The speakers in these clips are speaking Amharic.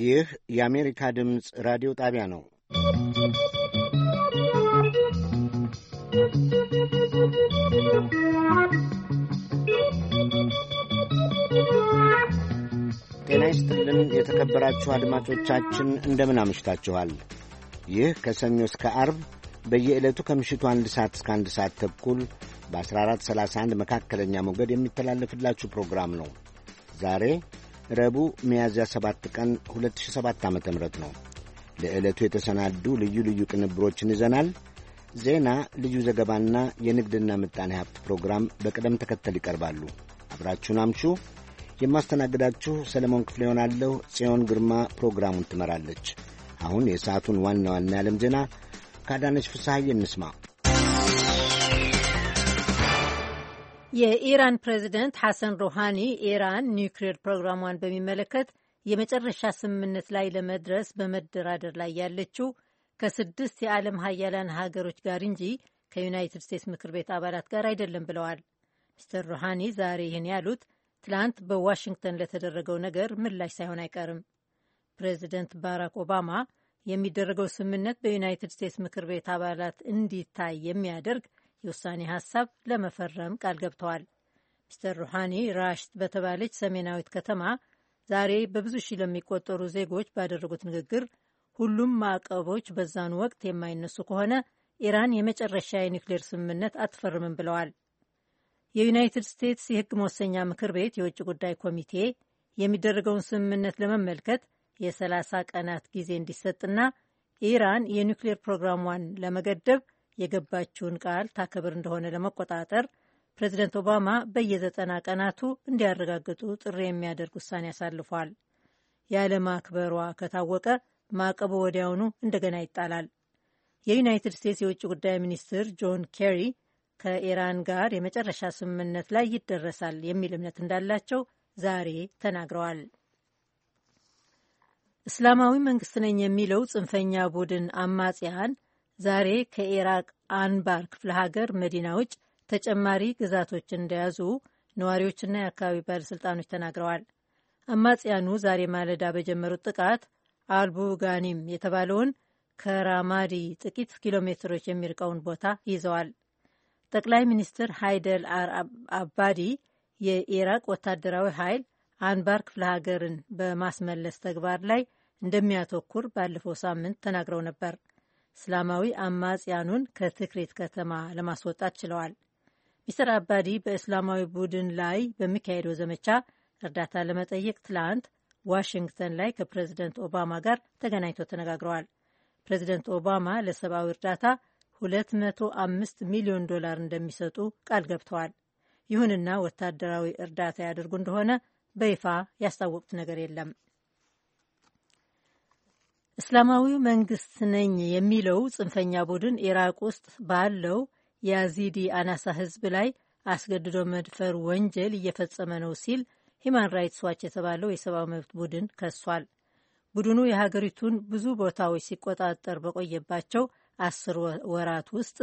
ይህ የአሜሪካ ድምፅ ራዲዮ ጣቢያ ነው። ጤና ይስጥልን የተከበራችሁ አድማጮቻችን እንደምን አምሽታችኋል። ይህ ከሰኞ እስከ አርብ በየዕለቱ ከምሽቱ አንድ ሰዓት እስከ አንድ ሰዓት ተኩል በ1431 መካከለኛ ሞገድ የሚተላለፍላችሁ ፕሮግራም ነው። ዛሬ ረቡዕ ሚያዝያ 7 ቀን 2007 ዓ ም ነው። ለዕለቱ የተሰናዱ ልዩ ልዩ ቅንብሮችን ይዘናል። ዜና፣ ልዩ ዘገባና የንግድና ምጣኔ ሀብት ፕሮግራም በቅደም ተከተል ይቀርባሉ። አብራችሁን አምሹ። የማስተናግዳችሁ ሰለሞን ክፍሌ ይሆናለሁ። ጽዮን ግርማ ፕሮግራሙን ትመራለች። አሁን የሰዓቱን ዋና ዋና የዓለም ዜና ከአዳነች ፍስሐዬ እንስማ። የኢራን ፕሬዚደንት ሐሰን ሮሃኒ ኢራን ኒውክሌር ፕሮግራሟን በሚመለከት የመጨረሻ ስምምነት ላይ ለመድረስ በመደራደር ላይ ያለችው ከስድስት የዓለም ሀያላን ሀገሮች ጋር እንጂ ከዩናይትድ ስቴትስ ምክር ቤት አባላት ጋር አይደለም ብለዋል። ሚስተር ሮሃኒ ዛሬ ይህን ያሉት ትላንት በዋሽንግተን ለተደረገው ነገር ምላሽ ሳይሆን አይቀርም። ፕሬዚደንት ባራክ ኦባማ የሚደረገው ስምምነት በዩናይትድ ስቴትስ ምክር ቤት አባላት እንዲታይ የሚያደርግ የውሳኔ ሀሳብ ለመፈረም ቃል ገብተዋል። ሚስተር ሩሃኒ ራሽት በተባለች ሰሜናዊት ከተማ ዛሬ በብዙ ሺህ ለሚቆጠሩ ዜጎች ባደረጉት ንግግር ሁሉም ማዕቀቦች በዛን ወቅት የማይነሱ ከሆነ ኢራን የመጨረሻ የኒውክሌር ስምምነት አትፈርምም ብለዋል። የዩናይትድ ስቴትስ የሕግ መወሰኛ ምክር ቤት የውጭ ጉዳይ ኮሚቴ የሚደረገውን ስምምነት ለመመልከት የ30 ቀናት ጊዜ እንዲሰጥና ኢራን የኒውክሌር ፕሮግራሟን ለመገደብ የገባችውን ቃል ታከብር እንደሆነ ለመቆጣጠር ፕሬዚደንት ኦባማ በየዘጠና ቀናቱ እንዲያረጋግጡ ጥሪ የሚያደርግ ውሳኔ አሳልፏል። ያለማክበሯ ከታወቀ ማዕቀቡ ወዲያውኑ እንደገና ይጣላል። የዩናይትድ ስቴትስ የውጭ ጉዳይ ሚኒስትር ጆን ኬሪ ከኢራን ጋር የመጨረሻ ስምምነት ላይ ይደረሳል የሚል እምነት እንዳላቸው ዛሬ ተናግረዋል። እስላማዊ መንግስት ነኝ የሚለው ጽንፈኛ ቡድን አማጽያን ዛሬ ከኢራቅ አንባር ክፍለ ሀገር ውጭ ተጨማሪ ግዛቶችን እንደያዙ ነዋሪዎችና የአካባቢ ባለሥልጣኖች ተናግረዋል። አማጽያኑ ዛሬ ማለዳ በጀመሩት ጥቃት አልቡጋኒም የተባለውን ከራማዲ ጥቂት ኪሎ ሜትሮች የሚርቀውን ቦታ ይዘዋል። ጠቅላይ ሚኒስትር ሃይደር አር አባዲ የኢራቅ ወታደራዊ ኃይል አንባር ክፍለ ሀገርን በማስመለስ ተግባር ላይ እንደሚያተኩር ባለፈው ሳምንት ተናግረው ነበር። እስላማዊ አማጽያኑን ከትክሪት ከተማ ለማስወጣት ችለዋል። ሚስተር አባዲ በእስላማዊ ቡድን ላይ በሚካሄደው ዘመቻ እርዳታ ለመጠየቅ ትላንት ዋሽንግተን ላይ ከፕሬዚደንት ኦባማ ጋር ተገናኝተው ተነጋግረዋል። ፕሬዚደንት ኦባማ ለሰብአዊ እርዳታ 205 ሚሊዮን ዶላር እንደሚሰጡ ቃል ገብተዋል። ይሁንና ወታደራዊ እርዳታ ያደርጉ እንደሆነ በይፋ ያስታወቁት ነገር የለም። እስላማዊ መንግስት ነኝ የሚለው ጽንፈኛ ቡድን ኢራቅ ውስጥ ባለው የአዚዲ አናሳ ህዝብ ላይ አስገድዶ መድፈር ወንጀል እየፈጸመ ነው ሲል ሂማን ራይትስ ዋች የተባለው የሰብአዊ መብት ቡድን ከሷል። ቡድኑ የሀገሪቱን ብዙ ቦታዎች ሲቆጣጠር በቆየባቸው አስር ወራት ውስጥ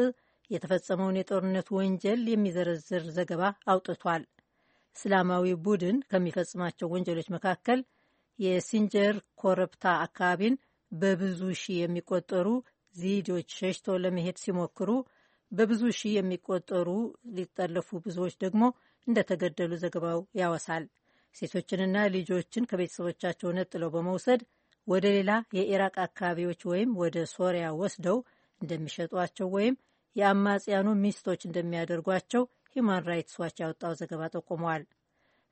የተፈጸመውን የጦርነት ወንጀል የሚዘረዝር ዘገባ አውጥቷል። እስላማዊ ቡድን ከሚፈጽማቸው ወንጀሎች መካከል የሲንጀር ኮረብታ አካባቢን በብዙ ሺህ የሚቆጠሩ ዚዲዎች ሸሽተው ለመሄድ ሲሞክሩ በብዙ ሺህ የሚቆጠሩ ሊጠለፉ ብዙዎች ደግሞ እንደተገደሉ ዘገባው ያወሳል። ሴቶችንና ልጆችን ከቤተሰቦቻቸው ነጥለው በመውሰድ ወደ ሌላ የኢራቅ አካባቢዎች ወይም ወደ ሶሪያ ወስደው እንደሚሸጧቸው ወይም የአማጽያኑ ሚስቶች እንደሚያደርጓቸው ሂማን ራይትስ ዋች ያወጣው ዘገባ ጠቁመዋል።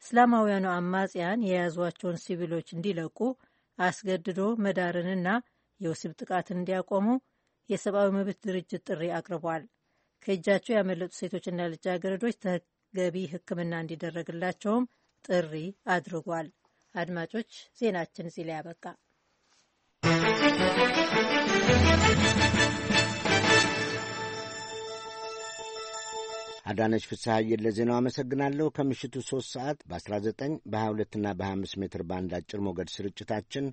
እስላማውያኑ አማጽያን የያዟቸውን ሲቪሎች እንዲለቁ አስገድዶ መዳርንና የወሲብ ጥቃትን እንዲያቆሙ የሰብአዊ መብት ድርጅት ጥሪ አቅርቧል። ከእጃቸው ያመለጡ ሴቶችና ልጃገረዶች ተገቢ ሕክምና እንዲደረግላቸውም ጥሪ አድርጓል። አድማጮች ዜናችን እዚህ ላይ ያበቃ። አዳነች ፍስሐዬን ለዜናው አመሰግናለሁ። ከምሽቱ ሦስት ሰዓት በ19 በ22ና በ25 ሜትር ባንድ አጭር ሞገድ ስርጭታችን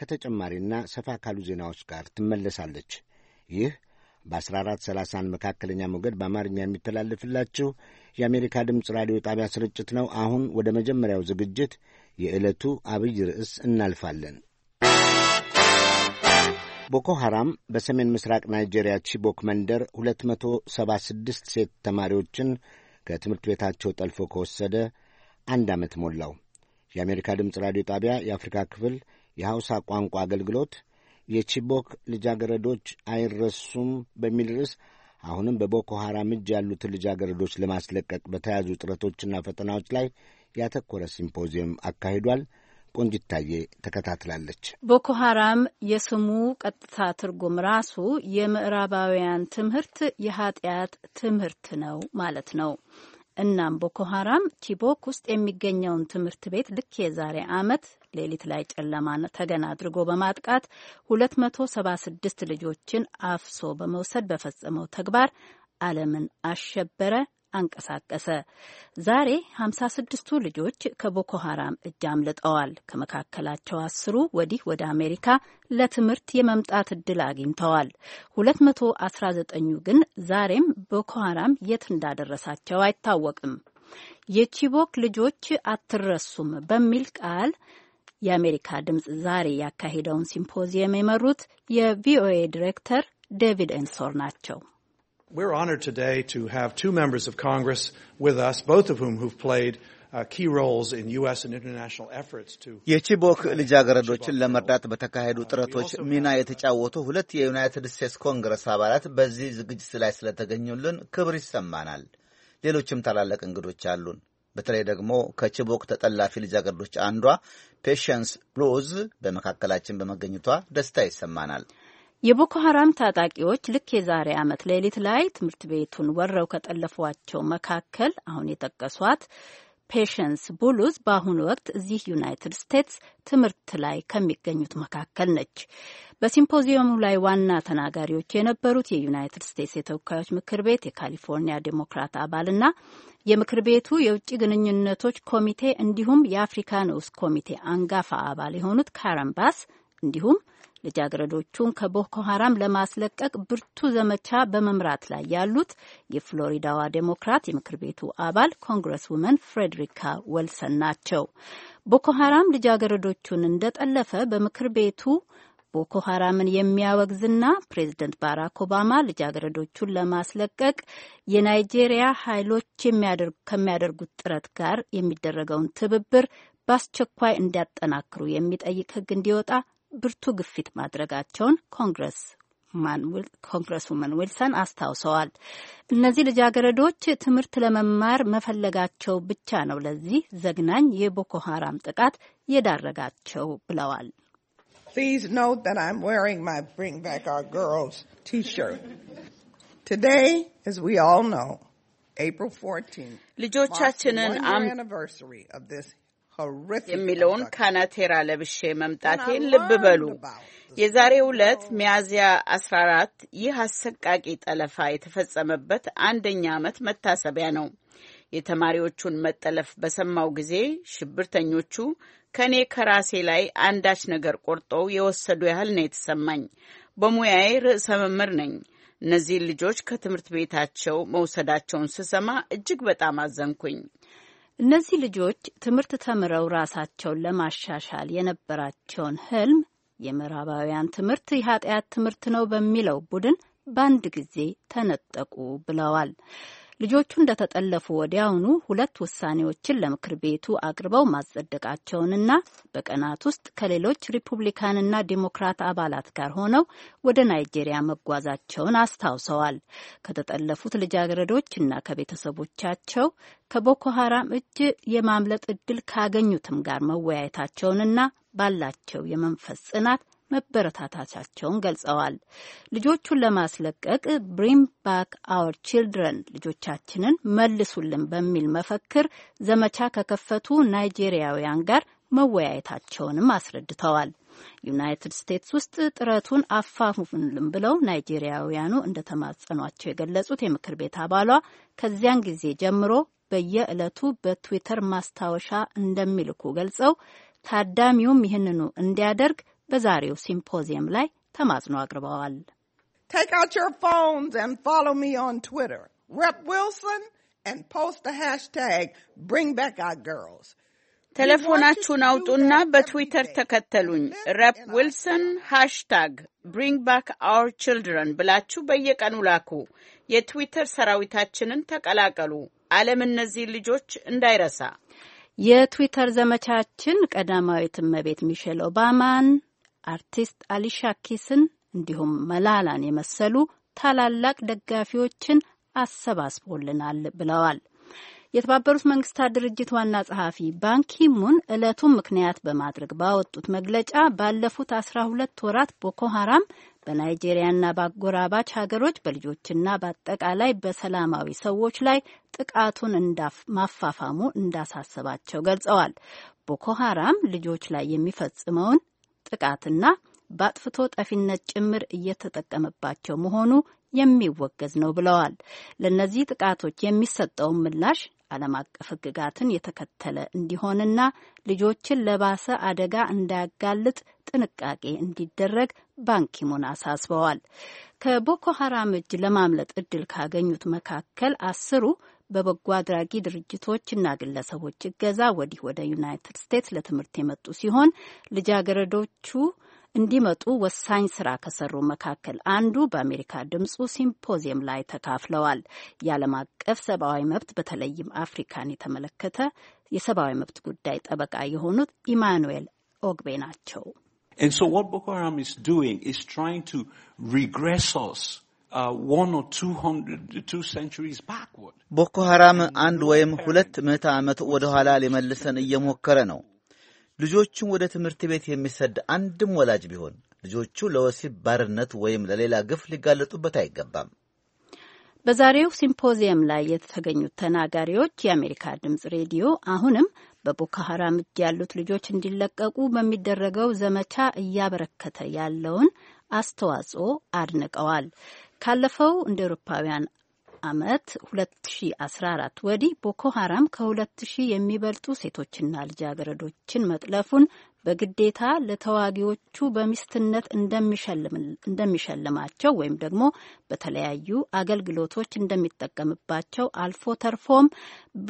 ከተጨማሪና ሰፋ ካሉ ዜናዎች ጋር ትመለሳለች። ይህ በ1430 መካከለኛ ሞገድ በአማርኛ የሚተላለፍላችሁ የአሜሪካ ድምፅ ራዲዮ ጣቢያ ስርጭት ነው። አሁን ወደ መጀመሪያው ዝግጅት የዕለቱ አብይ ርዕስ እናልፋለን። ቦኮ ሐራም በሰሜን ምስራቅ ናይጄሪያ ቺቦክ መንደር 276 ሴት ተማሪዎችን ከትምህርት ቤታቸው ጠልፎ ከወሰደ አንድ ዓመት ሞላው። የአሜሪካ ድምፅ ራዲዮ ጣቢያ የአፍሪካ ክፍል የሐውሳ ቋንቋ አገልግሎት የቺቦክ ልጃገረዶች አይረሱም በሚል ርዕስ አሁንም በቦኮ ሐራም እጅ ያሉትን ልጃገረዶች ለማስለቀቅ በተያዙ ጥረቶችና ፈተናዎች ላይ ያተኮረ ሲምፖዚየም አካሂዷል። ቆንጅታዬ ተከታትላለች። ቦኮ ሀራም የስሙ ቀጥታ ትርጉም ራሱ የምዕራባውያን ትምህርት የኃጢአት ትምህርት ነው ማለት ነው። እናም ቦኮ ሀራም ቺቦክ ውስጥ የሚገኘውን ትምህርት ቤት ልክ የዛሬ ዓመት ሌሊት ላይ ጨለማ ተገና አድርጎ በማጥቃት 276 ልጆችን አፍሶ በመውሰድ በፈጸመው ተግባር ዓለምን አሸበረ፣ አንቀሳቀሰ። ዛሬ 56ቱ ልጆች ከቦኮ ሀራም እጅ አምልጠዋል። ከመካከላቸው አስሩ ወዲህ ወደ አሜሪካ ለትምህርት የመምጣት እድል አግኝተዋል። 219ኙ ግን ዛሬም ቦኮ ሀራም የት እንዳደረሳቸው አይታወቅም። የቺቦክ ልጆች አትረሱም በሚል ቃል የአሜሪካ ድምፅ ዛሬ ያካሄደውን ሲምፖዚየም የመሩት የቪኦኤ ዲሬክተር ዴቪድ ኤንሶር ናቸው። We're honored today to have two members of Congress with us, both of whom who've played key roles in US and international efforts to የቺቦክ ልጃገረዶችን ለመርዳት በተካሄዱ ጥረቶች ሚና የተጫወቱ ሁለት የዩናይትድ ስቴትስ ኮንግረስ አባላት በዚህ ዝግጅት ላይ ስለተገኙልን ክብር ይሰማናል። ሌሎችም ታላላቅ እንግዶች አሉን። በተለይ ደግሞ ከቺቦክ ተጠላፊ ልጃገረዶች አንዷ ፔሸንስ ሮዝ በመካከላችን በመገኘቷ ደስታ ይሰማናል። የቦኮ ሀራም ታጣቂዎች ልክ የዛሬ ዓመት ሌሊት ላይ ትምህርት ቤቱን ወረው ከጠለፏቸው መካከል አሁን የጠቀሷት ፔሽንስ ቡሉዝ በአሁኑ ወቅት እዚህ ዩናይትድ ስቴትስ ትምህርት ላይ ከሚገኙት መካከል ነች። በሲምፖዚየሙ ላይ ዋና ተናጋሪዎች የነበሩት የዩናይትድ ስቴትስ የተወካዮች ምክር ቤት የካሊፎርኒያ ዴሞክራት አባልና የምክር ቤቱ የውጭ ግንኙነቶች ኮሚቴ እንዲሁም የአፍሪካ ንዑስ ኮሚቴ አንጋፋ አባል የሆኑት ካረን ባስ እንዲሁም ልጃገረዶቹን ከቦኮ ሀራም ለማስለቀቅ ብርቱ ዘመቻ በመምራት ላይ ያሉት የፍሎሪዳዋ ዴሞክራት የምክር ቤቱ አባል ኮንግረስ ውመን ፍሬድሪካ ወልሰን ናቸው። ቦኮ ሀራም ልጃገረዶቹን እንደጠለፈ በምክር ቤቱ ቦኮ ሀራምን የሚያወግዝና ፕሬዚደንት ባራክ ኦባማ ልጃገረዶቹን ለማስለቀቅ የናይጄሪያ ኃይሎች ከሚያደርጉት ጥረት ጋር የሚደረገውን ትብብር በአስቸኳይ እንዲያጠናክሩ የሚጠይቅ ሕግ እንዲወጣ ብርቱ ግፊት ማድረጋቸውን ኮንግረስ ኮንግረስ ውመን ዊልሰን አስታውሰዋል። እነዚህ ልጃገረዶች ትምህርት ለመማር መፈለጋቸው ብቻ ነው ለዚህ ዘግናኝ የቦኮ ሀራም ጥቃት የዳረጋቸው ብለዋል። ልጆቻችንን የሚለውን ካናቴራ ለብሼ መምጣቴን ልብ በሉ። የዛሬ ዕለት oh. ሚያዝያ 14 ይህ አሰቃቂ ጠለፋ የተፈጸመበት አንደኛ ዓመት መታሰቢያ ነው። የተማሪዎቹን መጠለፍ በሰማው ጊዜ ሽብርተኞቹ ከእኔ ከራሴ ላይ አንዳች ነገር ቆርጠው የወሰዱ ያህል ነው የተሰማኝ። በሙያዬ ርዕሰ መምህር ነኝ። እነዚህን ልጆች ከትምህርት ቤታቸው መውሰዳቸውን ስሰማ እጅግ በጣም አዘንኩኝ። እነዚህ ልጆች ትምህርት ተምረው ራሳቸውን ለማሻሻል የነበራቸውን ህልም የምዕራባውያን ትምህርት የኃጢአት ትምህርት ነው በሚለው ቡድን በአንድ ጊዜ ተነጠቁ ብለዋል። ልጆቹ እንደተጠለፉ ወዲያውኑ ሁለት ውሳኔዎችን ለምክር ቤቱ አቅርበው ማጸደቃቸውንና በቀናት ውስጥ ከሌሎች ሪፑብሊካንና ዴሞክራት አባላት ጋር ሆነው ወደ ናይጄሪያ መጓዛቸውን አስታውሰዋል። ከተጠለፉት ልጃገረዶችና ከቤተሰቦቻቸው ከቦኮ ሀራም እጅ የማምለጥ እድል ካገኙትም ጋር መወያየታቸውንና ባላቸው የመንፈስ ጽናት መበረታታቻቸውን ገልጸዋል። ልጆቹን ለማስለቀቅ ብሪም ባክ አወር ችልድረን ልጆቻችንን መልሱልን በሚል መፈክር ዘመቻ ከከፈቱ ናይጄሪያውያን ጋር መወያየታቸውንም አስረድተዋል። ዩናይትድ ስቴትስ ውስጥ ጥረቱን አፋፉልን ብለው ናይጄሪያውያኑ እንደተማጸኗቸው የገለጹት የምክር ቤት አባሏ ከዚያን ጊዜ ጀምሮ በየዕለቱ በትዊተር ማስታወሻ እንደሚልኩ ገልጸው ታዳሚውም ይህንኑ እንዲያደርግ በዛሬው ሲምፖዚየም ላይ ተማጽኖ አቅርበዋል። Take out your phones and follow me on Twitter, Rep Wilson, and post the hashtag Bring Back Our Girls. ቴሌፎናችሁን አውጡና በትዊተር ተከተሉኝ። ረፕ ዊልሰን ሃሽታግ ብሪንግ ባክ አውር ችልድረን ብላችሁ በየቀኑ ላኩ። የትዊተር ሰራዊታችንን ተቀላቀሉ። ዓለም እነዚህ ልጆች እንዳይረሳ። የትዊተር ዘመቻችን ቀዳማዊት እመቤት ሚሼል ኦባማን አርቲስት አሊሻ ኪስን እንዲሁም መላላን የመሰሉ ታላላቅ ደጋፊዎችን አሰባስቦልናል ብለዋል። የተባበሩት መንግስታት ድርጅት ዋና ጸሐፊ ባንኪሙን ዕለቱን ምክንያት በማድረግ ባወጡት መግለጫ ባለፉት አስራ ሁለት ወራት ቦኮ ሀራም በናይጄሪያና በአጎራባች ሀገሮች በልጆችና በአጠቃላይ በሰላማዊ ሰዎች ላይ ጥቃቱን ማፋፋሙ እንዳሳሰባቸው ገልጸዋል። ቦኮ ሀራም ልጆች ላይ የሚፈጽመውን ጥቃትና በአጥፍቶ ጠፊነት ጭምር እየተጠቀመባቸው መሆኑ የሚወገዝ ነው ብለዋል። ለእነዚህ ጥቃቶች የሚሰጠውን ምላሽ ዓለም አቀፍ ሕግጋትን የተከተለ እንዲሆንና ልጆችን ለባሰ አደጋ እንዳያጋልጥ ጥንቃቄ እንዲደረግ ባንኪሙን አሳስበዋል። ከቦኮ ሀራም እጅ ለማምለጥ እድል ካገኙት መካከል አስሩ በበጎ አድራጊ ድርጅቶችና ግለሰቦች እገዛ ወዲህ ወደ ዩናይትድ ስቴትስ ለትምህርት የመጡ ሲሆን ልጃገረዶቹ እንዲመጡ ወሳኝ ስራ ከሰሩ መካከል አንዱ በአሜሪካ ድምፁ ሲምፖዚየም ላይ ተካፍለዋል። የዓለም አቀፍ ሰብአዊ መብት በተለይም አፍሪካን የተመለከተ የሰብአዊ መብት ጉዳይ ጠበቃ የሆኑት ኢማኑኤል ኦግቤ ናቸው። Uh, ቦኮ ሐራም አንድ ወይም ሁለት ምዕተ ዓመት ወደ ኋላ ሊመልሰን እየሞከረ ነው። ልጆቹን ወደ ትምህርት ቤት የሚሰድ አንድም ወላጅ ቢሆን ልጆቹ ለወሲብ ባርነት ወይም ለሌላ ግፍ ሊጋለጡበት አይገባም። በዛሬው ሲምፖዚየም ላይ የተገኙት ተናጋሪዎች የአሜሪካ ድምጽ ሬዲዮ አሁንም በቦኮ ሐራም እጅ ያሉት ልጆች እንዲለቀቁ በሚደረገው ዘመቻ እያበረከተ ያለውን አስተዋጽኦ አድንቀዋል። ካለፈው እንደ ኤሮፓውያን ዓመት 2014 ወዲህ ቦኮ ሀራም ከ2000 የሚበልጡ ሴቶችና ልጃገረዶችን መጥለፉን በግዴታ ለተዋጊዎቹ በሚስትነት እንደሚሸልማቸው ወይም ደግሞ በተለያዩ አገልግሎቶች እንደሚጠቀምባቸው አልፎ ተርፎም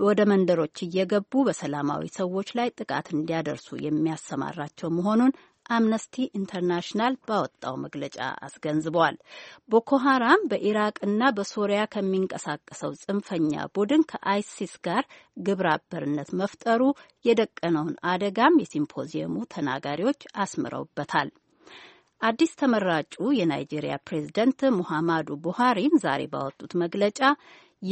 ወደ መንደሮች እየገቡ በሰላማዊ ሰዎች ላይ ጥቃት እንዲያደርሱ የሚያሰማራቸው መሆኑን አምነስቲ ኢንተርናሽናል ባወጣው መግለጫ አስገንዝቧል። ቦኮ ሀራም በኢራቅና በሶሪያ ከሚንቀሳቀሰው ጽንፈኛ ቡድን ከአይሲስ ጋር ግብረ አበርነት መፍጠሩ የደቀነውን አደጋም የሲምፖዚየሙ ተናጋሪዎች አስምረውበታል። አዲስ ተመራጩ የናይጄሪያ ፕሬዝደንት ሙሐማዱ ቡሃሪም ዛሬ ባወጡት መግለጫ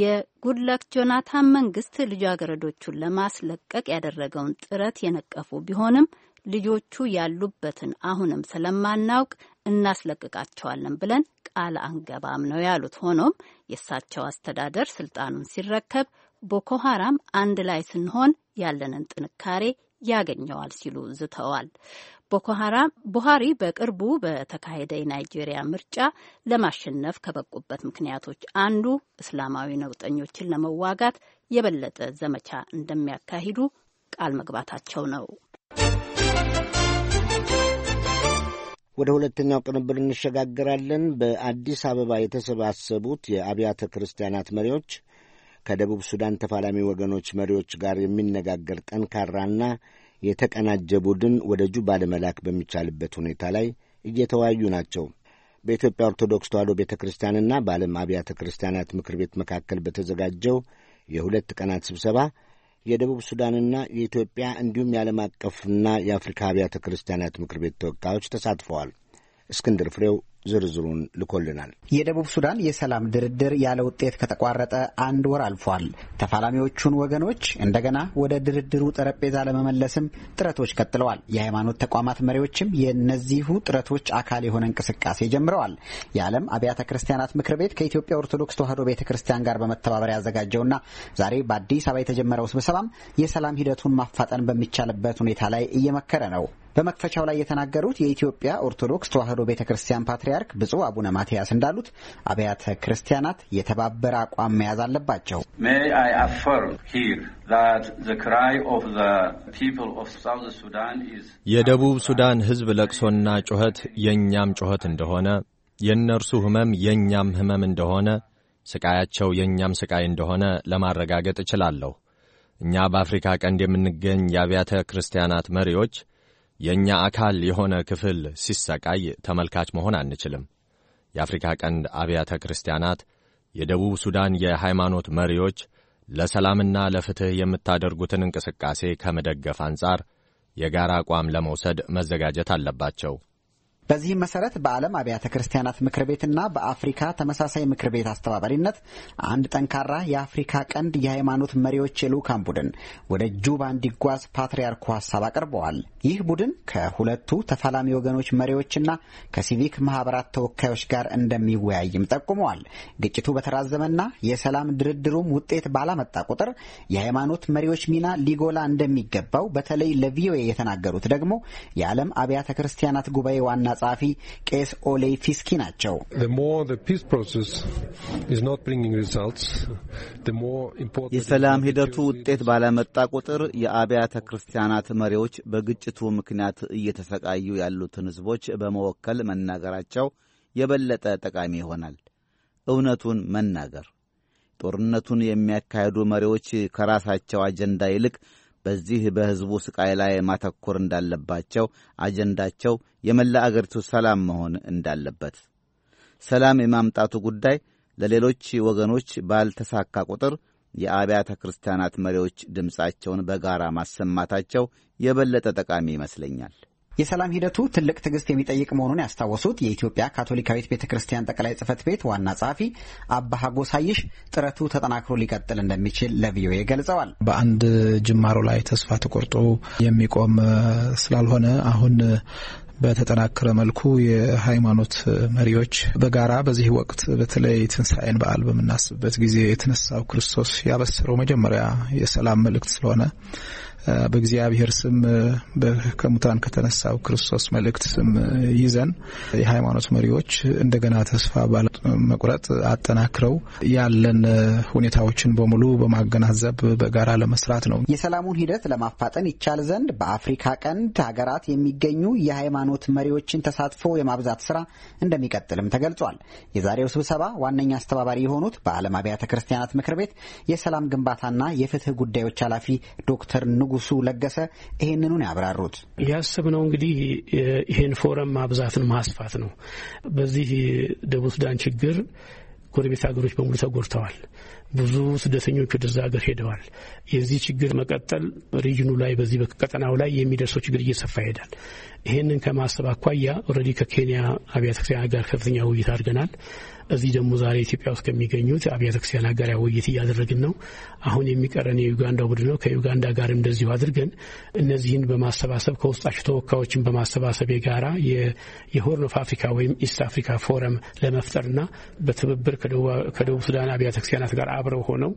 የጉድለክ ጆናታን መንግስት ልጃገረዶቹን ለማስለቀቅ ያደረገውን ጥረት የነቀፉ ቢሆንም ልጆቹ ያሉበትን አሁንም ስለማናውቅ እናስለቅቃቸዋለን ብለን ቃል አንገባም ነው ያሉት። ሆኖም የእሳቸው አስተዳደር ስልጣኑን ሲረከብ ቦኮ ሀራም አንድ ላይ ስንሆን ያለንን ጥንካሬ ያገኘዋል ሲሉ ዝተዋል። ቦኮ ሀራም ቡሃሪ በቅርቡ በተካሄደ የናይጄሪያ ምርጫ ለማሸነፍ ከበቁበት ምክንያቶች አንዱ እስላማዊ ነውጠኞችን ለመዋጋት የበለጠ ዘመቻ እንደሚያካሂዱ ቃል መግባታቸው ነው። ወደ ሁለተኛው ቅንብር እንሸጋግራለን። በአዲስ አበባ የተሰባሰቡት የአብያተ ክርስቲያናት መሪዎች ከደቡብ ሱዳን ተፋላሚ ወገኖች መሪዎች ጋር የሚነጋገር ጠንካራና የተቀናጀ ቡድን ወደ ጁባ ለመላክ በሚቻልበት ሁኔታ ላይ እየተወያዩ ናቸው። በኢትዮጵያ ኦርቶዶክስ ተዋሕዶ ቤተ ክርስቲያንና በዓለም አብያተ ክርስቲያናት ምክር ቤት መካከል በተዘጋጀው የሁለት ቀናት ስብሰባ የደቡብ ሱዳንና የኢትዮጵያ እንዲሁም የዓለም አቀፍና የአፍሪካ አብያተ ክርስቲያናት ምክር ቤት ተወካዮች ተሳትፈዋል። እስክንድር ፍሬው ዝርዝሩን ልኮልናል። የደቡብ ሱዳን የሰላም ድርድር ያለ ውጤት ከተቋረጠ አንድ ወር አልፏል። ተፋላሚዎቹን ወገኖች እንደገና ወደ ድርድሩ ጠረጴዛ ለመመለስም ጥረቶች ቀጥለዋል። የሃይማኖት ተቋማት መሪዎችም የእነዚሁ ጥረቶች አካል የሆነ እንቅስቃሴ ጀምረዋል። የዓለም አብያተ ክርስቲያናት ምክር ቤት ከኢትዮጵያ ኦርቶዶክስ ተዋሕዶ ቤተ ክርስቲያን ጋር በመተባበር ያዘጋጀውና ዛሬ በአዲስ አበባ የተጀመረው ስብሰባም የሰላም ሂደቱን ማፋጠን በሚቻልበት ሁኔታ ላይ እየመከረ ነው። በመክፈቻው ላይ የተናገሩት የኢትዮጵያ ኦርቶዶክስ ተዋሕዶ ቤተ ክርስቲያን ፓትርያርክ ብፁዕ አቡነ ማትያስ እንዳሉት አብያተ ክርስቲያናት የተባበረ አቋም መያዝ አለባቸው። የደቡብ ሱዳን ሕዝብ ለቅሶና ጩኸት የእኛም ጩኸት እንደሆነ የእነርሱ ሕመም የእኛም ሕመም እንደሆነ ስቃያቸው የእኛም ስቃይ እንደሆነ ለማረጋገጥ እችላለሁ። እኛ በአፍሪካ ቀንድ የምንገኝ የአብያተ ክርስቲያናት መሪዎች የእኛ አካል የሆነ ክፍል ሲሰቃይ ተመልካች መሆን አንችልም። የአፍሪካ ቀንድ አብያተ ክርስቲያናት፣ የደቡብ ሱዳን የሃይማኖት መሪዎች ለሰላምና ለፍትሕ የምታደርጉትን እንቅስቃሴ ከመደገፍ አንጻር የጋራ አቋም ለመውሰድ መዘጋጀት አለባቸው። በዚህም መሰረት በዓለም አብያተ ክርስቲያናት ምክር ቤትና በአፍሪካ ተመሳሳይ ምክር ቤት አስተባባሪነት አንድ ጠንካራ የአፍሪካ ቀንድ የሃይማኖት መሪዎች የልዑካን ቡድን ወደ ጁባ እንዲጓዝ ፓትርያርኩ ሀሳብ አቅርበዋል። ይህ ቡድን ከሁለቱ ተፋላሚ ወገኖች መሪዎችና ከሲቪክ ማህበራት ተወካዮች ጋር እንደሚወያይም ጠቁመዋል። ግጭቱ በተራዘመና የሰላም ድርድሩም ውጤት ባላመጣ ቁጥር የሃይማኖት መሪዎች ሚና ሊጎላ እንደሚገባው በተለይ ለቪኦኤ የተናገሩት ደግሞ የዓለም አብያተ ክርስቲያናት ጉባኤ ዋና ጸሐፊ ቄስ ኦሌ ፊስኪ ናቸው። የሰላም ሂደቱ ውጤት ባለመጣ ቁጥር የአብያተ ክርስቲያናት መሪዎች በግጭቱ ምክንያት እየተሰቃዩ ያሉትን ሕዝቦች በመወከል መናገራቸው የበለጠ ጠቃሚ ይሆናል። እውነቱን መናገር ጦርነቱን የሚያካሂዱ መሪዎች ከራሳቸው አጀንዳ ይልቅ በዚህ በሕዝቡ ስቃይ ላይ ማተኮር እንዳለባቸው፣ አጀንዳቸው የመላ አገሪቱ ሰላም መሆን እንዳለበት፣ ሰላም የማምጣቱ ጉዳይ ለሌሎች ወገኖች ባልተሳካ ቁጥር የአብያተ ክርስቲያናት መሪዎች ድምፃቸውን በጋራ ማሰማታቸው የበለጠ ጠቃሚ ይመስለኛል። የሰላም ሂደቱ ትልቅ ትዕግስት የሚጠይቅ መሆኑን ያስታወሱት የኢትዮጵያ ካቶሊካዊት ቤተ ክርስቲያን ጠቅላይ ጽህፈት ቤት ዋና ጸሐፊ አባ ሀጎሳይሽ ጥረቱ ተጠናክሮ ሊቀጥል እንደሚችል ለቪኦኤ ገልጸዋል። በአንድ ጅማሮ ላይ ተስፋ ተቆርጦ የሚቆም ስላልሆነ አሁን በተጠናከረ መልኩ የሃይማኖት መሪዎች በጋራ በዚህ ወቅት በተለይ ትንሣኤን በዓል በምናስብበት ጊዜ የተነሳው ክርስቶስ ያበሰረው መጀመሪያ የሰላም መልእክት ስለሆነ በእግዚአብሔር ስም ከሙታን ከተነሳው ክርስቶስ መልእክት ስም ይዘን የሃይማኖት መሪዎች እንደገና ተስፋ ባለመቁረጥ አጠናክረው ያለን ሁኔታዎችን በሙሉ በማገናዘብ በጋራ ለመስራት ነው። የሰላሙን ሂደት ለማፋጠን ይቻል ዘንድ በአፍሪካ ቀንድ ሀገራት የሚገኙ የሃይማኖት መሪዎችን ተሳትፎ የማብዛት ስራ እንደሚቀጥልም ተገልጿል። የዛሬው ስብሰባ ዋነኛ አስተባባሪ የሆኑት በዓለም አብያተ ክርስቲያናት ምክር ቤት የሰላም ግንባታና የፍትህ ጉዳዮች ኃላፊ ዶክተር ኑ ንጉሱ ለገሰ ይህንኑን ያብራሩት። ያሰብነው እንግዲህ ይህን ፎረም ማብዛትን ማስፋት ነው። በዚህ ደቡብ ሱዳን ችግር ጎረቤት ሀገሮች በሙሉ ተጎድተዋል። ብዙ ስደተኞች ወደዛ ሀገር ሄደዋል። የዚህ ችግር መቀጠል ሪጅኑ ላይ በዚህ በቀጠናው ላይ የሚደርሰው ችግር እየሰፋ ይሄዳል። ይህንን ከማሰብ አኳያ ኦልሬዲ ከኬንያ አብያተ ክርስቲያን ጋር ከፍተኛ ውይይት አድርገናል። እዚህ ደግሞ ዛሬ ኢትዮጵያ ውስጥ ከሚገኙት አብያተ ክርስቲያን ጋር ውይይት እያደረግን ነው። አሁን የሚቀረን የዩጋንዳ ቡድን ነው። ከዩጋንዳ ጋር እንደዚሁ አድርገን እነዚህን በማሰባሰብ ከውስጣቸው ተወካዮችን በማሰባሰብ የጋራ የሆርን ኦፍ አፍሪካ ወይም ኢስት አፍሪካ ፎረም ለመፍጠርና በትብብር ከደቡብ ሱዳን አብያተ ክርስቲያናት ጋር አብረው ሆነው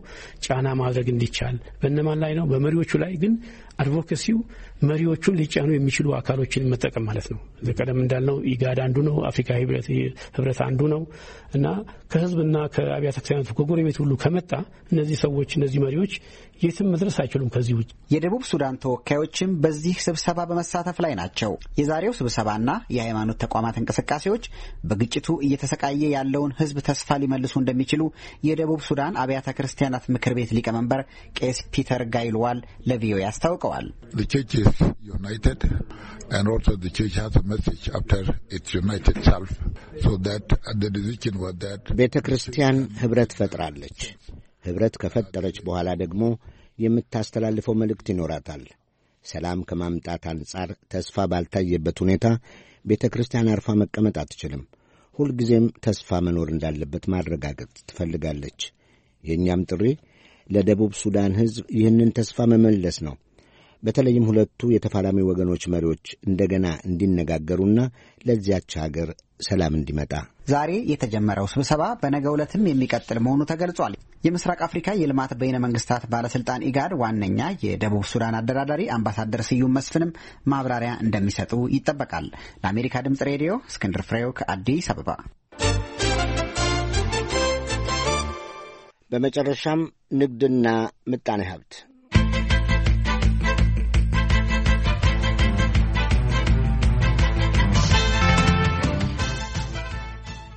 ጫና ማድረግ እንዲቻል በእነማን ላይ ነው? በመሪዎቹ ላይ ግን አድቮኬሲው መሪዎቹን ሊጫኑ የሚችሉ አካሎችን መጠቀም ማለት ነው። ቀደም እንዳልነው ኢጋድ አንዱ ነው፣ አፍሪካ ህብረት አንዱ ነው እና ከህዝብና ከአብያተ ክርስቲያናቱ ከጎረቤት ሁሉ ከመጣ እነዚህ ሰዎች እነዚህ መሪዎች የትም መድረስ አይችሉም ከዚህ ውጭ። የደቡብ ሱዳን ተወካዮችም በዚህ ስብሰባ በመሳተፍ ላይ ናቸው። የዛሬው ስብሰባና የሃይማኖት ተቋማት እንቅስቃሴዎች በግጭቱ እየተሰቃየ ያለውን ህዝብ ተስፋ ሊመልሱ እንደሚችሉ የደቡብ ሱዳን አብያተ ክርስቲያናት ምክር ቤት ሊቀመንበር ቄስ ፒተር ጋይልዋል ለቪኦኤ አስታውቀዋል። ገልጸዋል። ቤተ ክርስቲያን ኅብረት ፈጥራለች። ኅብረት ከፈጠረች በኋላ ደግሞ የምታስተላልፈው መልእክት ይኖራታል። ሰላም ከማምጣት አንጻር ተስፋ ባልታየበት ሁኔታ ቤተ ክርስቲያን አርፋ መቀመጥ አትችልም። ሁልጊዜም ተስፋ መኖር እንዳለበት ማረጋገጥ ትፈልጋለች። የእኛም ጥሪ ለደቡብ ሱዳን ሕዝብ ይህንን ተስፋ መመለስ ነው። በተለይም ሁለቱ የተፋላሚ ወገኖች መሪዎች እንደገና እንዲነጋገሩና ለዚያች ሀገር ሰላም እንዲመጣ ዛሬ የተጀመረው ስብሰባ በነገ ዕለትም የሚቀጥል መሆኑ ተገልጿል። የምስራቅ አፍሪካ የልማት በይነ መንግስታት ባለስልጣን ኢጋድ ዋነኛ የደቡብ ሱዳን አደራዳሪ አምባሳደር ስዩም መስፍንም ማብራሪያ እንደሚሰጡ ይጠበቃል። ለአሜሪካ ድምጽ ሬዲዮ እስክንድር ፍሬው ከአዲስ አበባ። በመጨረሻም ንግድና ምጣኔ ሀብት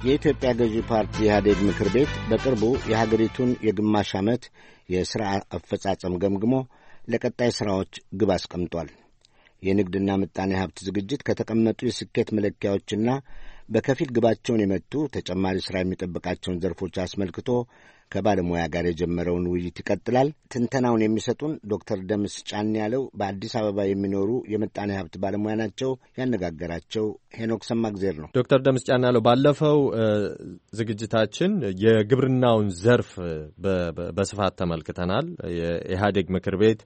የኢትዮጵያ ገዢ ፓርቲ ኢህአዴግ ምክር ቤት በቅርቡ የሀገሪቱን የግማሽ ዓመት የሥራ አፈጻጸም ገምግሞ ለቀጣይ ሥራዎች ግብ አስቀምጧል። የንግድና ምጣኔ ሀብት ዝግጅት ከተቀመጡ የስኬት መለኪያዎችና በከፊል ግባቸውን የመቱ ተጨማሪ ሥራ የሚጠብቃቸውን ዘርፎች አስመልክቶ ከባለሙያ ጋር የጀመረውን ውይይት ይቀጥላል። ትንተናውን የሚሰጡን ዶክተር ደምስ ጫን ያለው በአዲስ አበባ የሚኖሩ የምጣኔ ሀብት ባለሙያ ናቸው። ያነጋገራቸው ሄኖክ ሰማግዜር ነው። ዶክተር ደምስ ጫን ያለው ባለፈው ዝግጅታችን የግብርናውን ዘርፍ በስፋት ተመልክተናል። የኢህአዴግ ምክር ቤት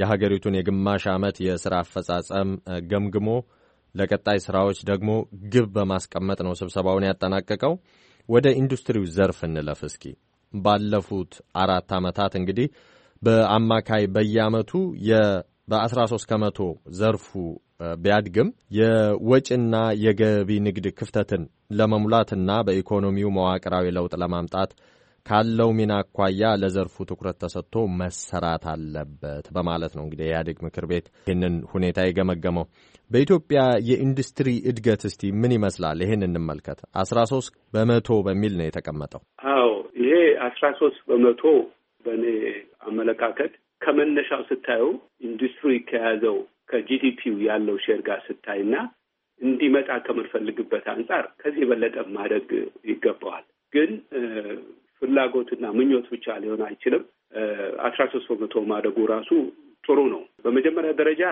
የሀገሪቱን የግማሽ ዓመት የስራ አፈጻጸም ገምግሞ ለቀጣይ ስራዎች ደግሞ ግብ በማስቀመጥ ነው ስብሰባውን ያጠናቀቀው። ወደ ኢንዱስትሪው ዘርፍ እንለፍ እስኪ። ባለፉት አራት ዓመታት እንግዲህ በአማካይ በየዓመቱ በ13 ከመቶ ዘርፉ ቢያድግም የወጪና የገቢ ንግድ ክፍተትን ለመሙላትና በኢኮኖሚው መዋቅራዊ ለውጥ ለማምጣት ካለው ሚና አኳያ ለዘርፉ ትኩረት ተሰጥቶ መሰራት አለበት በማለት ነው እንግዲህ የኢህአዴግ ምክር ቤት ይህንን ሁኔታ የገመገመው። በኢትዮጵያ የኢንዱስትሪ እድገት እስቲ ምን ይመስላል? ይህን እንመልከት። አስራ ሶስት በመቶ በሚል ነው የተቀመጠው። አዎ አስራ ሶስት በመቶ በእኔ አመለካከት ከመነሻው ስታየው ኢንዱስትሪ ከያዘው ከጂዲፒው ያለው ሼር ጋር ስታይና እንዲመጣ ከምንፈልግበት አንጻር ከዚህ የበለጠ ማደግ ይገባዋል። ግን ፍላጎትና ምኞት ብቻ ሊሆን አይችልም። አስራ ሶስት በመቶ ማደጉ ራሱ ጥሩ ነው። በመጀመሪያ ደረጃ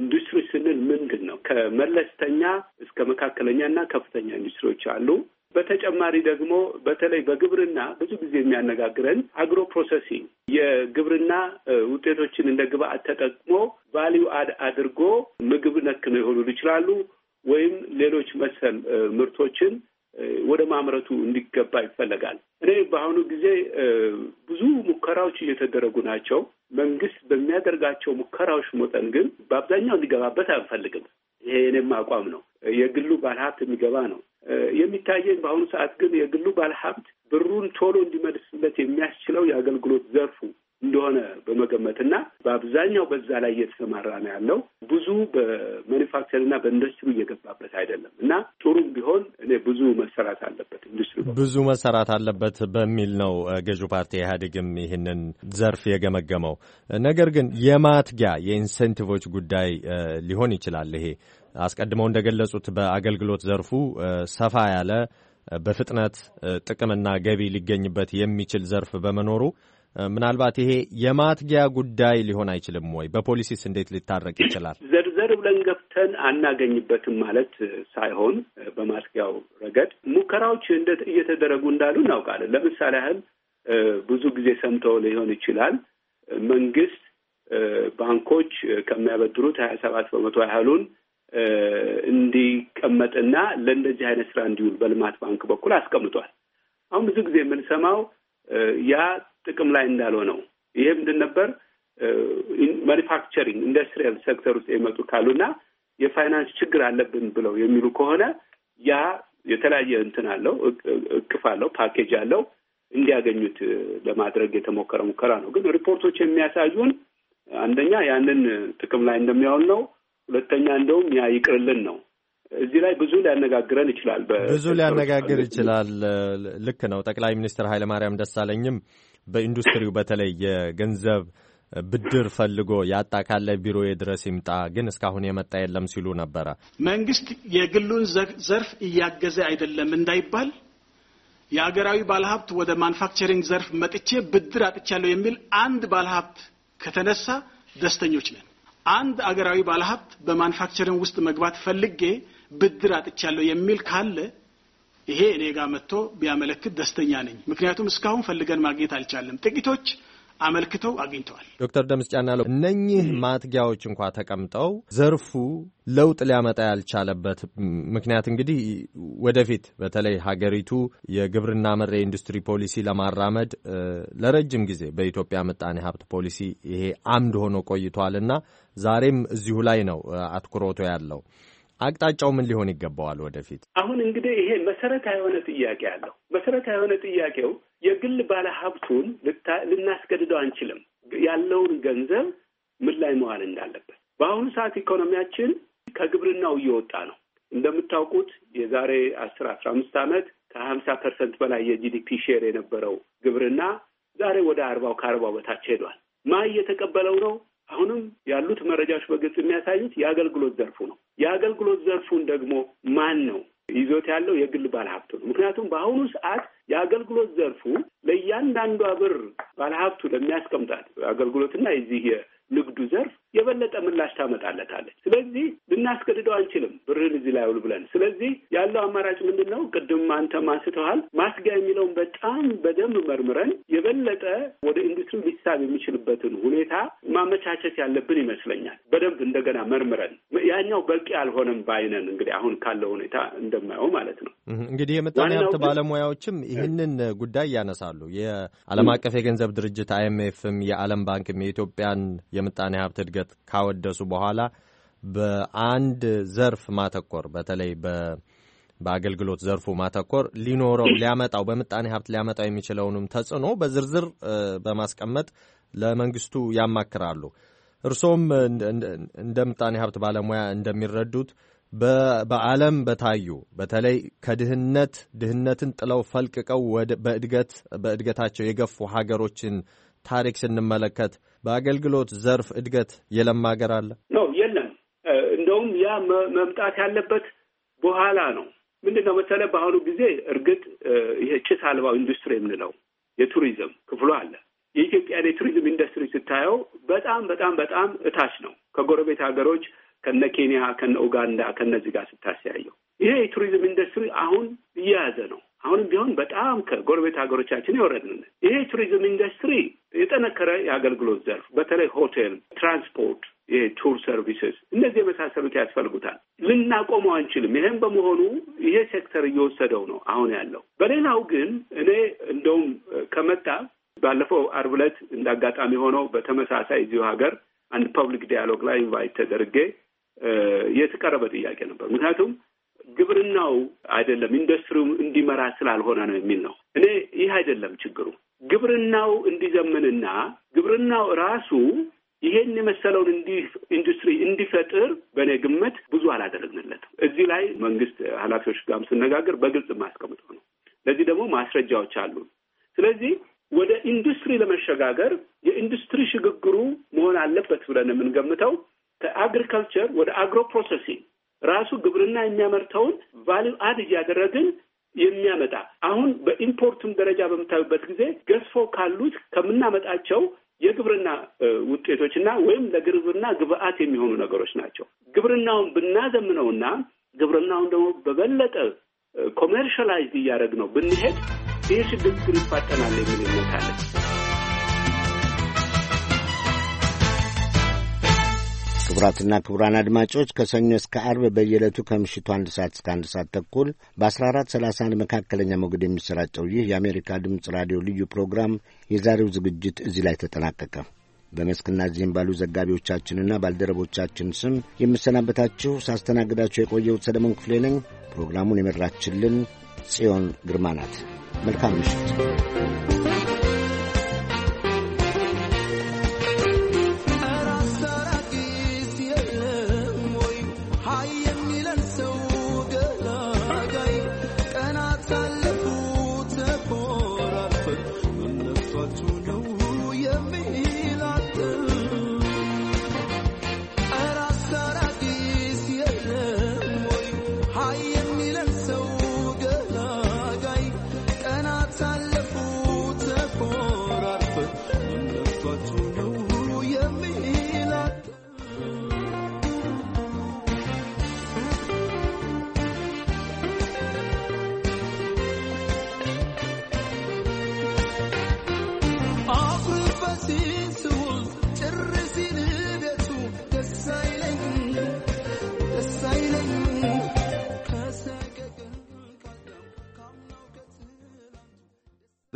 ኢንዱስትሪ ስንል ምንድን ነው? ከመለስተኛ እስከ መካከለኛ እና ከፍተኛ ኢንዱስትሪዎች አሉ። በተጨማሪ ደግሞ በተለይ በግብርና ብዙ ጊዜ የሚያነጋግረን አግሮ ፕሮሰሲንግ የግብርና ውጤቶችን እንደ ግብአት ተጠቅሞ ቫሊዩ አድ አድርጎ ምግብ ነክ ነው የሆኑ ይችላሉ ወይም ሌሎች መሰል ምርቶችን ወደ ማምረቱ እንዲገባ ይፈለጋል። እኔ በአሁኑ ጊዜ ብዙ ሙከራዎች እየተደረጉ ናቸው። መንግስት በሚያደርጋቸው ሙከራዎች መጠን ግን በአብዛኛው እንዲገባበት አንፈልግም። ይሄ እኔም አቋም ነው። የግሉ ባለሀብት የሚገባ ነው የሚታየኝ በአሁኑ ሰዓት ግን የግሉ ባለሀብት ብሩን ቶሎ እንዲመልስለት የሚያስችለው የአገልግሎት ዘርፉ እንደሆነ በመገመትና በአብዛኛው በዛ ላይ እየተሰማራ ነው ያለው። ብዙ በማኒፋክቸር እና በኢንዱስትሪ እየገባበት አይደለም እና ጥሩም ቢሆን እኔ ብዙ መሰራት አለበት ኢንዱስትሪ ብዙ መሰራት አለበት በሚል ነው ገዢው ፓርቲ ኢህአዴግም ይህንን ዘርፍ የገመገመው። ነገር ግን የማትጊያ የኢንሴንቲቮች ጉዳይ ሊሆን ይችላል። ይሄ አስቀድመው እንደገለጹት በአገልግሎት ዘርፉ ሰፋ ያለ በፍጥነት ጥቅምና ገቢ ሊገኝበት የሚችል ዘርፍ በመኖሩ ምናልባት ይሄ የማትጊያ ጉዳይ ሊሆን አይችልም ወይ? በፖሊሲስ እንዴት ሊታረቅ ይችላል? ዘርዘር ብለን ገብተን አናገኝበትም ማለት ሳይሆን በማትጊያው ረገድ ሙከራዎች እየተደረጉ እንዳሉ እናውቃለን። ለምሳሌ ያህል ብዙ ጊዜ ሰምተው ሊሆን ይችላል መንግስት ባንኮች ከሚያበድሩት ሀያ ሰባት በመቶ ያህሉን እንዲቀመጥና ለእንደዚህ አይነት ስራ እንዲውል በልማት ባንክ በኩል አስቀምጧል። አሁን ብዙ ጊዜ የምንሰማው ያ ጥቅም ላይ ነው። ይሄ ምንድን ነበር ማኒፋክቸሪንግ ኢንዱስትሪያል ሴክተር ውስጥ የመጡ ካሉና የፋይናንስ ችግር አለብን ብለው የሚሉ ከሆነ ያ የተለያየ እንትን አለው እቅፍ አለው ፓኬጅ አለው እንዲያገኙት ለማድረግ የተሞከረ ሙከራ ነው። ግን ሪፖርቶች የሚያሳዩን አንደኛ ያንን ጥቅም ላይ እንደሚያውል ነው። ሁለተኛ እንደውም ያ ይቅርልን ነው። እዚህ ላይ ብዙ ሊያነጋግረን ይችላል። ብዙ ሊያነጋግር ይችላል። ልክ ነው። ጠቅላይ ሚኒስትር ኃይለማርያም ደሳለኝም በኢንዱስትሪው በተለይ የገንዘብ ብድር ፈልጎ ያጣ ካለ ቢሮዬ ድረስ ይምጣ፣ ግን እስካሁን የመጣ የለም ሲሉ ነበረ። መንግስት የግሉን ዘርፍ እያገዘ አይደለም እንዳይባል የአገራዊ ባለሀብት ወደ ማኑፋክቸሪንግ ዘርፍ መጥቼ ብድር አጥቻለሁ የሚል አንድ ባለሀብት ከተነሳ ደስተኞች ነን። አንድ አገራዊ ባለሀብት በማኑፋክቸሪንግ ውስጥ መግባት ፈልጌ ብድር አጥቻለሁ የሚል ካለ ይሄ እኔ ጋር መጥቶ ቢያመለክት ደስተኛ ነኝ። ምክንያቱም እስካሁን ፈልገን ማግኘት አልቻለም። ጥቂቶች አመልክተው አግኝተዋል። ዶክተር ደምስ ጫናለው እነኚህ ማትጊያዎች እንኳ ተቀምጠው ዘርፉ ለውጥ ሊያመጣ ያልቻለበት ምክንያት እንግዲህ ወደፊት በተለይ ሀገሪቱ የግብርና መር የኢንዱስትሪ ፖሊሲ ለማራመድ ለረጅም ጊዜ በኢትዮጵያ ምጣኔ ሀብት ፖሊሲ ይሄ አምድ ሆኖ ቆይቷልና ዛሬም እዚሁ ላይ ነው አትኩሮቶ ያለው። አቅጣጫው ምን ሊሆን ይገባዋል ወደፊት? አሁን እንግዲህ ይሄ መሰረታዊ የሆነ ጥያቄ አለው። መሰረታዊ የሆነ ጥያቄው የግል ባለ ሀብቱን ልናስገድደው አንችልም። ያለውን ገንዘብ ምን ላይ መዋል እንዳለበት በአሁኑ ሰዓት ኢኮኖሚያችን ከግብርናው እየወጣ ነው። እንደምታውቁት የዛሬ አስር አስራ አምስት ዓመት ከሀምሳ ፐርሰንት በላይ የጂዲፒ ሼር የነበረው ግብርና ዛሬ ወደ አርባው ከአርባው በታች ሄዷል። ማ እየተቀበለው ነው? አሁንም ያሉት መረጃዎች በግልጽ የሚያሳዩት የአገልግሎት ዘርፉ ነው። የአገልግሎት ዘርፉን ደግሞ ማን ነው ይዞት ያለው? የግል ባለሀብቱ ነው። ምክንያቱም በአሁኑ ሰዓት የአገልግሎት ዘርፉ ለእያንዳንዷ ብር ባለሀብቱ ለሚያስቀምጣት አገልግሎትና የዚህ የንግዱ ዘርፍ የበለጠ ምላሽ ታመጣለታለች። ስለዚህ ልናስገድደው አንችልም ብርን እዚህ ላይ ውል ብለን። ስለዚህ ያለው አማራጭ ምንድን ነው? ቅድም አንተም አንስተዋል። ማስጊያ የሚለውን በጣም በደንብ መርምረን የበለጠ ወደ ኢንዱስትሪ ሊሳብ የሚችልበትን ሁኔታ ማመቻቸት ያለብን ይመስለኛል። በደንብ እንደገና መርምረን ያኛው በቂ አልሆነም ባይነን እንግዲህ አሁን ካለው ሁኔታ እንደማየው ማለት ነው። እንግዲህ የምጣኔ ሀብት ባለሙያዎችም ይህንን ጉዳይ ያነሳሉ። የዓለም አቀፍ የገንዘብ ድርጅት አይኤምኤፍም የዓለም ባንክም የኢትዮጵያን የምጣኔ ሀብት እድገ እድገት ካወደሱ በኋላ በአንድ ዘርፍ ማተኮር በተለይ በአገልግሎት ዘርፉ ማተኮር ሊኖረው ሊያመጣው በምጣኔ ሀብት ሊያመጣው የሚችለውንም ተጽዕኖ በዝርዝር በማስቀመጥ ለመንግስቱ ያማክራሉ። እርሶም እንደ ምጣኔ ሀብት ባለሙያ እንደሚረዱት በዓለም በታዩ በተለይ ከድህነት ድህነትን ጥለው ፈልቅቀው በእድገታቸው የገፉ ሀገሮችን ታሪክ ስንመለከት በአገልግሎት ዘርፍ እድገት የለማ ሀገር አለ ነው? የለም። እንደውም ያ መምጣት ያለበት በኋላ ነው። ምንድን ነው መሰለህ፣ በአሁኑ ጊዜ እርግጥ ይሄ ጭስ አልባው ኢንዱስትሪ የምንለው የቱሪዝም ክፍሉ አለ። የኢትዮጵያን የቱሪዝም ኢንዱስትሪ ስታየው በጣም በጣም በጣም እታች ነው ከጎረቤት ሀገሮች ከነ ኬንያ ከነ ኡጋንዳ ከነዚህ ጋር ስታስያየው ይሄ የቱሪዝም ኢንዱስትሪ አሁን እየያዘ ነው። አሁንም ቢሆን በጣም ከጎረቤት ሀገሮቻችን የወረድን። ይሄ ቱሪዝም ኢንዱስትሪ የጠነከረ የአገልግሎት ዘርፍ በተለይ ሆቴል፣ ትራንስፖርት፣ ይሄ ቱር ሰርቪስስ እነዚህ የመሳሰሉት ያስፈልጉታል። ልናቆመው አንችልም። ይህም በመሆኑ ይሄ ሴክተር እየወሰደው ነው አሁን ያለው። በሌላው ግን እኔ እንደውም ከመጣ ባለፈው አርብ ዕለት እንደ አጋጣሚ ሆነው በተመሳሳይ እዚሁ ሀገር አንድ ፐብሊክ ዲያሎግ ላይ ኢንቫይት ተደርጌ የተቀረበ ጥያቄ ነበር ምክንያቱም ግብርናው አይደለም ኢንዱስትሪው እንዲመራ ስላልሆነ ነው የሚል ነው። እኔ ይህ አይደለም ችግሩ። ግብርናው እንዲዘምንና ግብርናው ራሱ ይሄን የመሰለውን እንዲህ ኢንዱስትሪ እንዲፈጥር በእኔ ግምት ብዙ አላደረግንለትም። እዚህ ላይ መንግስት ኃላፊዎች ጋርም ስነጋገር በግልጽ የማስቀምጠው ነው። ለዚህ ደግሞ ማስረጃዎች አሉ። ስለዚህ ወደ ኢንዱስትሪ ለመሸጋገር የኢንዱስትሪ ሽግግሩ መሆን አለበት ብለን የምንገምተው ከአግሪካልቸር ወደ አግሮ ፕሮሰሲንግ ራሱ ግብርና የሚያመርተውን ቫሊዩ አድ እያደረግን የሚያመጣ አሁን በኢምፖርቱም ደረጃ በምታዩበት ጊዜ ገዝፎ ካሉት ከምናመጣቸው የግብርና ውጤቶች እና ወይም ለግብርና ግብአት የሚሆኑ ነገሮች ናቸው። ግብርናውን ብናዘምነውና ግብርናውን ደግሞ በበለጠ ኮሜርሻላይዝ ነው ብንሄድ ይህ ሽግግር ይፋጠናል የሚል እምነት አለን። ክቡራትና ክቡራን አድማጮች ከሰኞ እስከ አርብ በየዕለቱ ከምሽቱ አንድ ሰዓት እስከ አንድ ሰዓት ተኩል በ1431 መካከለኛ ሞገድ የሚሰራጨው ይህ የአሜሪካ ድምፅ ራዲዮ ልዩ ፕሮግራም የዛሬው ዝግጅት እዚህ ላይ ተጠናቀቀ። በመስክና እዚህም ባሉ ዘጋቢዎቻችንና ባልደረቦቻችን ስም የምሰናበታችሁ ሳስተናግዳችሁ የቆየሁት ሰለሞን ክፍሌ ነኝ። ፕሮግራሙን የመራችልን ጽዮን ግርማ ናት። መልካም ምሽት።